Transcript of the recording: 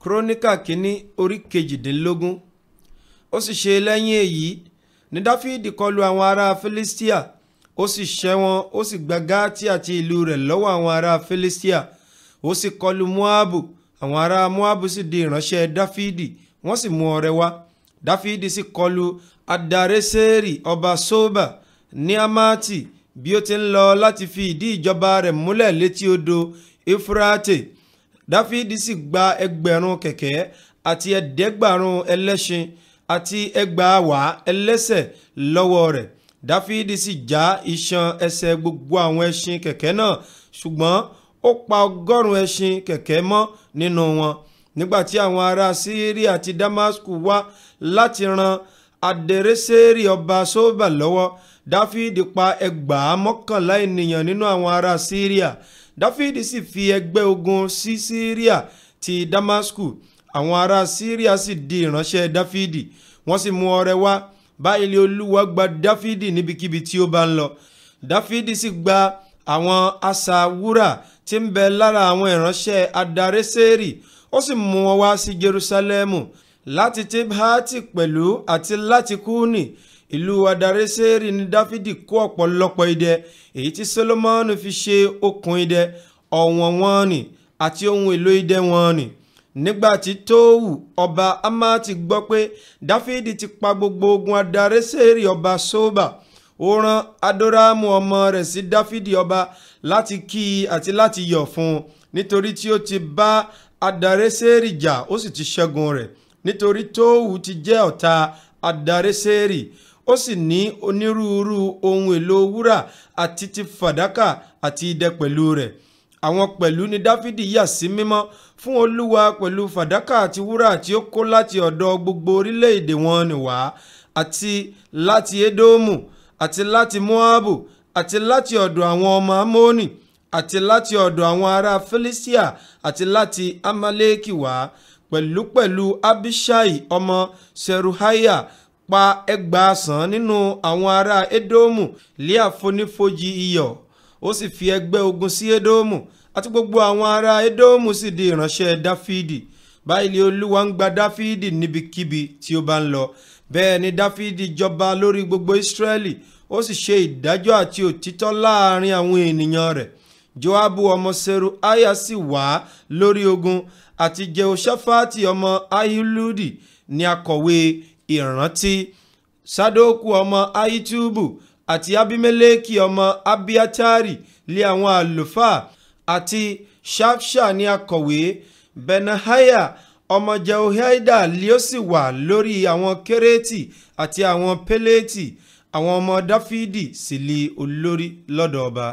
kúrónìkà kínní orí kejìdínlógún ó sì ṣe lẹ́yìn èyí ní dáfídì kọlu àwọn ará filistia ó sì ṣẹ́ wọn ó sì gba gáàtì àti ìlú rẹ̀ lọ́wọ́ àwọn ará filistia ó sì kọlu moabu àwọn ará moabu sì di ìránṣẹ́ dáfídì wọ́n sì mú ọrẹ wá dáfídì sì kọlu adareseri ọba soba ní amati bí ó ti ń lọ láti fi ìdí ìjọba rẹ̀ múlẹ̀ létí odò efurate dáfídì sì gba ẹgbẹ̀rún kẹ̀kẹ́ àti ẹ̀ẹ́dẹ́gbàrún ẹlẹ́ṣin àti ẹgbàáwá ẹlẹ́sẹ̀ lọ́wọ́ rẹ̀ dáfídì sì já iṣan ẹsẹ̀ gbogbo àwọn ẹṣin kẹ̀kẹ́ náà ṣùgbọ́n ó pa ọgọ́rùn-ún ẹṣin kẹ̀kẹ́ mọ́ nínú wọn nígbàtí àwọn ará síríà àti damasku wá láti ran adèrèsèrè ọba sóbà lọ́wọ́ dáfídì pa ẹgbàá mọ́kànlá ènìyàn nínú àwọn ará síríà dáfídì sì fi ẹgbẹ́ ogun sí síríà ti Damascus àwọn ará síríà sì di ìránṣẹ́ dáfídì wọ́n sì mú ọrẹ wá bá ilé olúwa gba dáfídì níbikíbi tí ó bá ń lọ dáfídì sì gba àwọn asà tí ń bẹ lára àwọn ìránṣẹ́ adarésẹ́rì ó sì mú wọn wá sí jerusalemu láti tibhati pẹ̀lú àti láti kúni ìlú adareseri ni dáfídì kó ọ̀pọ̀lọpọ̀ idẹ èyí tí solomoni fi ṣe okùn idẹ ọ̀wọ̀n wọn ni àti ohun èlò idẹ wọn ni nígbàtí tóòwù ọba amati gbọ́ pé dáfídì ti pa gbogbo ogun adareseri ọba sóbà ó rán adoramu ọmọ rẹ̀ sí dáfídì ọba láti kí i àti láti yọ̀ fún un nítorí tí ó ti bá adareseri jà ó sì ti ṣẹ́gun rẹ̀ nítorí tóòwù ti jẹ́ ọ̀tá adareseri ó sì ní onírúurú ohun èlò wúrà àti ti fàdákà àti idẹ pẹ̀lú rẹ̀ àwọn pẹ̀lú ni dáfídì yà sí mímọ́ fún olúwa pẹ̀lú fàdákà àti wúrà tí ó kó láti ọ̀dọ̀ gbogbo orílẹ̀-èdè wọn ni wá àti láti edomu àti láti moabu àti láti ọ̀dọ̀ àwọn ọmọ amóni àti láti ọ̀dọ̀ àwọn ará philistia àti láti amaleki wá pẹ̀lúpẹ̀lú abishai ọmọ seruhaya pa ẹgbàásán nínú àwọn ará Édómù lé àfonífojì iyọ̀ ó sì fi ẹgbẹ́ ogun sí Édómù àti gbogbo àwọn ará Édómù sì di ìránṣẹ́ Dáfídì báyìí lé Olúwa ń gba Dáfídì níbikíbi tí ó bá ń lọ bẹ́ẹ̀ ni Dáfídì jọba lórí gbogbo Ísírẹ́lì ó sì ṣe ìdájọ́ àti òtítọ́ láàrin àwọn ènìyàn rẹ̀ joabu ọmọ seruaya sì wà lórí ogun àti jehoshaphat ọmọ ayiludi ni akọ̀wé ìrántí sadoku ọmọ aitubu àti abimeleki ọmọ abiatari lé àwọn àlùfáà àti shafsha ní akọ̀wé benahaya ọmọ jehoiada lé ó sì wà lórí àwọn kérétì àti àwọn pélétì àwọn ọmọ dáfídì sì li olórí lọ́dọ̀ ọba